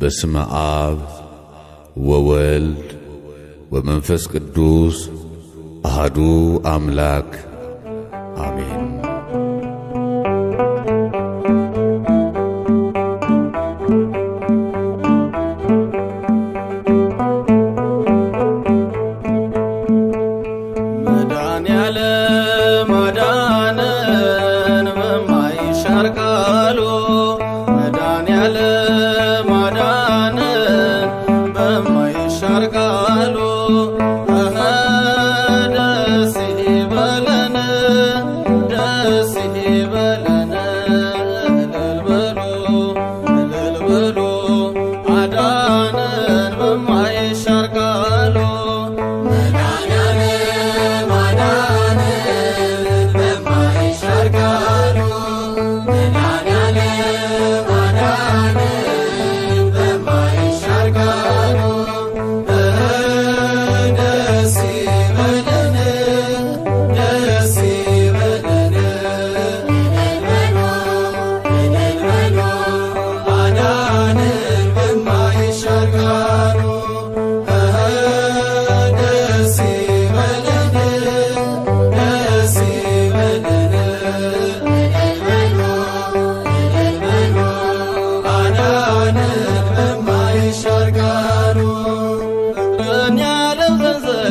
በስመ አብ ወወልድ ወመንፈስ ቅዱስ አህዱ አምላክ አሜን።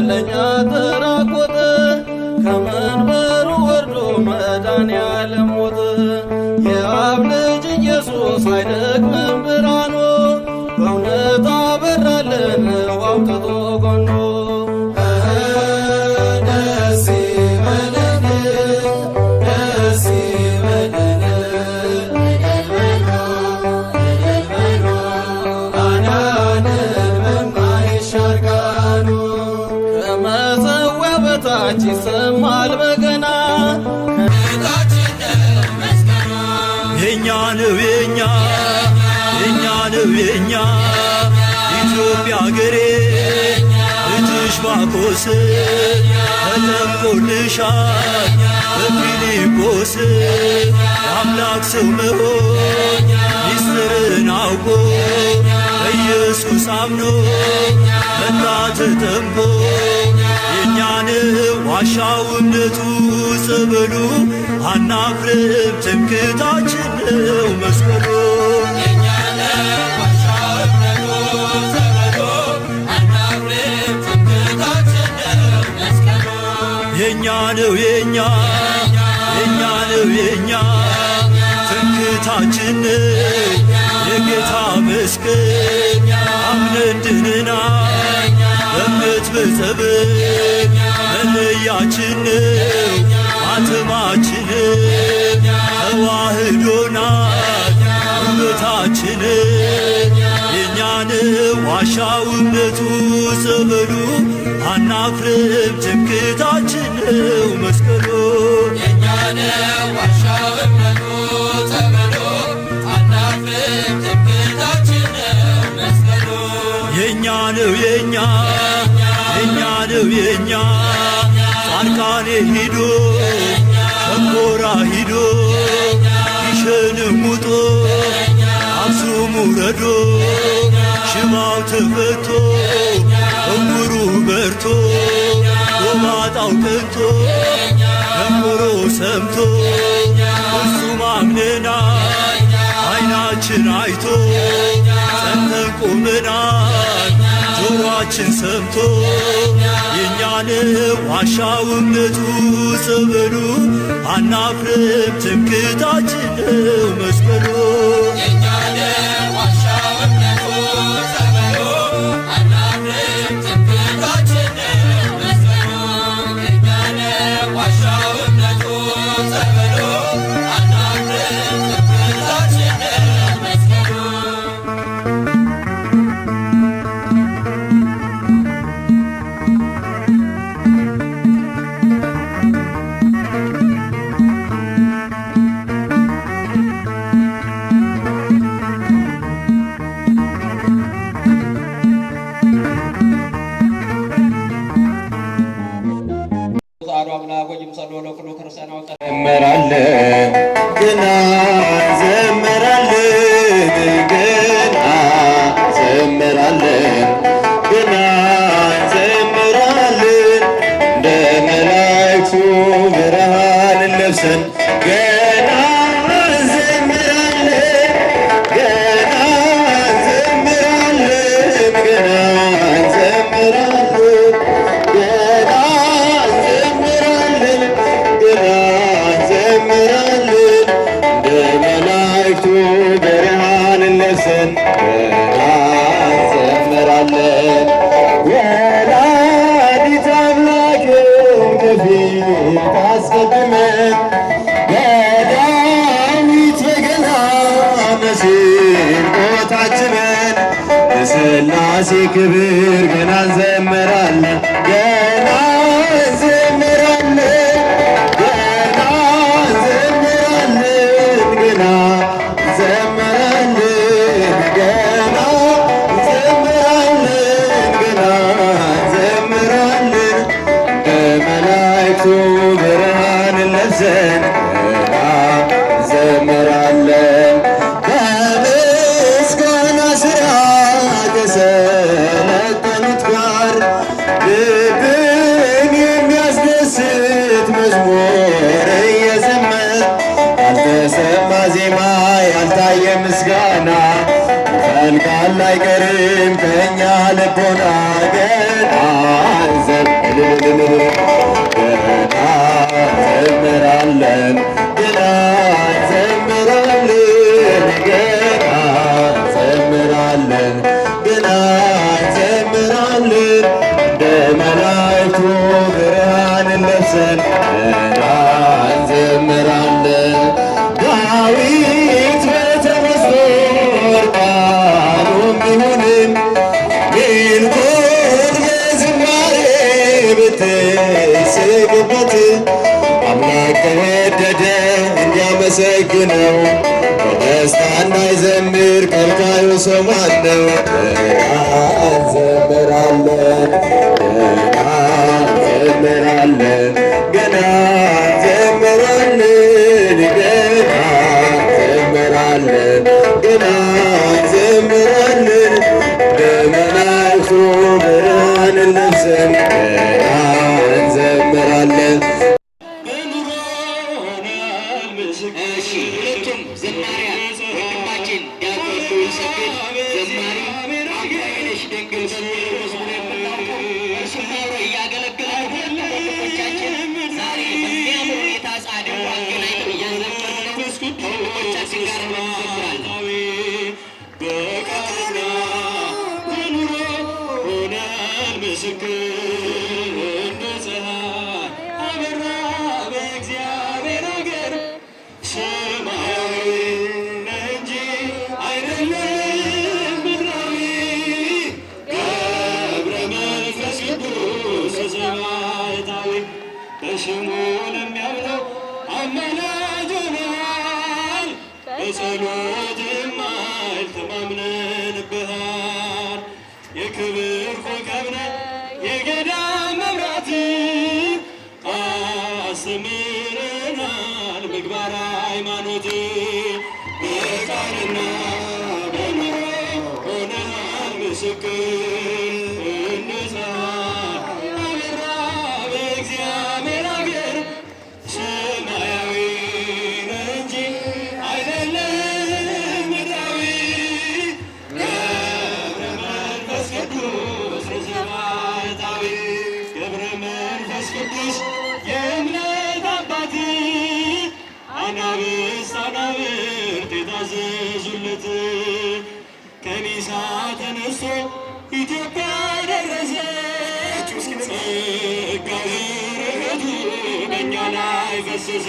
ለኛ ጥራ የኛ የኛ ነው የኛ ኢትዮጵያ ገሬ ልጅሽ ባኮስ ተለምጦልሻል በፊልጶስ የአምላክ ሰው መሆን ሚስጥርን አውቆ በኢየሱስ አምኖ መጣ ተጠምቆ የእኛ ነው ዋሻው እምነቱ ጽብሉ አናፍርም ትምክህታችን ነው መስቀሉ የኛ ነው የኛ የኛ ነው የኛ ትምክህታችን የጌታ መስቀል አምነን ድንና እምነት በጸበል ራእያችን አትማችን ተዋህዶናት ውበታችን የእኛን ዋሻ ውበቱ ጸበሉ አናፍርም ትምክህታችን ዋሻ ውበቱ ጸበሉ አናፍርም ትምክህታችን ነው መስቀሉ የእኛ ነው የእኛ የእኛ ነው የእኛ ጻድቃኔ ሂዶ ሸኮራ ሂዶ ይሸንም ውጦ አብሱሙ ረዶ ሽባው ተፈቶ እምሩ በርቶ ጎባጣው ቀንቶ ደምሮ ሰምቶ እሱ አምነና አይናችን አይቶ ጸንተን ቆመናል ጩኸታችን ሰምቶ የእኛን ዋሻው እምነቱ ጸበሉ አናፍርም ትምክህታችን ነው መስቀሉ ጌታችን ቦታችንን ለሥላሴ ክብር ገና እንዘምራለን። ሁላ አይቀርም ከእኛ ልቦና ገናዘብ ገና ዘምራለን so what? Muchas encargos. የገዳ መብራት አስሜ በደስታና የታዘዙለት ከኒሳ ተነሶ ኢትዮጵያ ደረሰች። ጸጋው በረከቱ በእኛ ላይ ፈሰሰ።